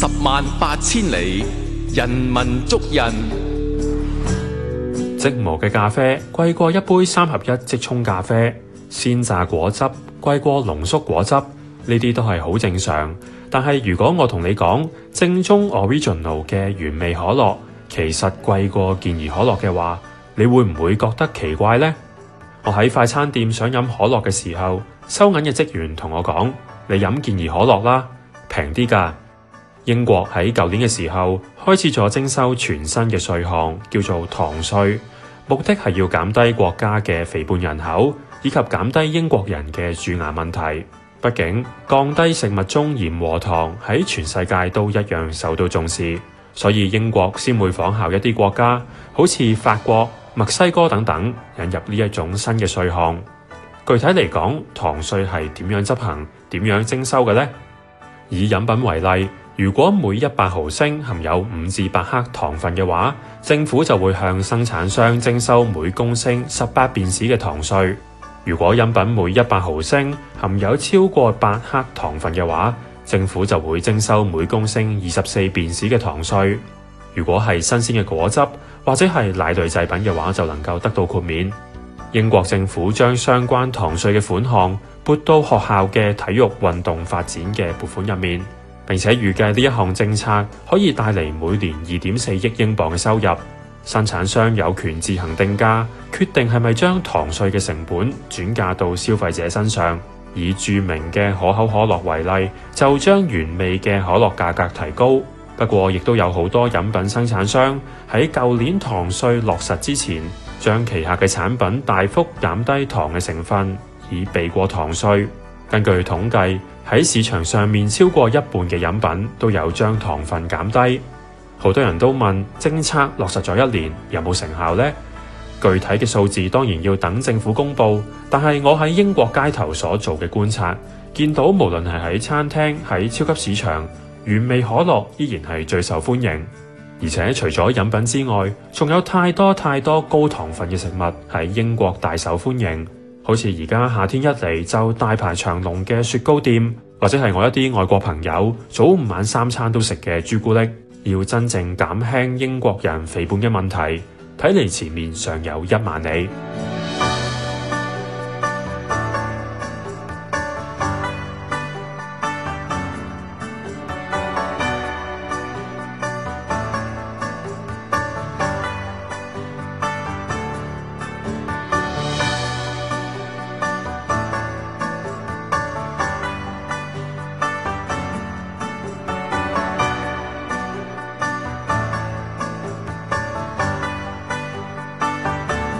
十萬八千里，人文足印。即磨嘅咖啡貴過一杯三合一即沖咖啡，鮮榨果汁貴過濃縮果汁，呢啲都係好正常。但係如果我同你講正宗 Original 嘅原味可樂，其實貴過健怡可樂嘅話，你會唔會覺得奇怪呢？我喺快餐店想飲可樂嘅時候，收銀嘅職員同我講：你飲健怡可樂啦，平啲㗎。英國喺舊年嘅時候開始咗徵收全新嘅稅項，叫做糖稅，目的係要減低國家嘅肥胖人口，以及減低英國人嘅蛀牙問題。畢竟降低食物中鹽和糖喺全世界都一樣受到重視，所以英國先會仿效一啲國家，好似法國、墨西哥等等，引入呢一種新嘅稅項。具體嚟講，糖稅係點樣執行、點樣徵收嘅呢？以飲品為例。如果每一百毫升含有五至八克糖分嘅話，政府就會向生產商徵收每公升十八便士嘅糖稅；如果飲品每一百毫升含有超過八克糖分嘅話，政府就會徵收每公升二十四便士嘅糖稅。如果係新鮮嘅果汁或者係奶類製品嘅話，就能夠得到豁免。英國政府將相關糖稅嘅款項撥到學校嘅體育運動發展嘅撥款入面。並且預計呢一項政策可以帶嚟每年二點四億英鎊嘅收入。生產商有權自行定價，決定係咪將糖稅嘅成本轉嫁到消費者身上。以著名嘅可口可樂為例，就將原味嘅可樂價格提高。不過，亦都有好多飲品生產商喺舊年糖稅落實之前，將旗下嘅產品大幅減低糖嘅成分，以避過糖稅。根據統計，喺市場上面，超過一半嘅飲品都有將糖分減低。好多人都問，政策落實咗一年，有冇成效呢？具體嘅數字當然要等政府公佈，但係我喺英國街頭所做嘅觀察，見到無論係喺餐廳、喺超級市場，原味可樂依然係最受歡迎。而且除咗飲品之外，仲有太多太多高糖分嘅食物喺英國大受歡迎。好似而家夏天一嚟就大排長龍嘅雪糕店，或者係我一啲外國朋友早午晚三餐都食嘅朱古力，要真正減輕英國人肥胖嘅問題，睇嚟前面尚有一萬里。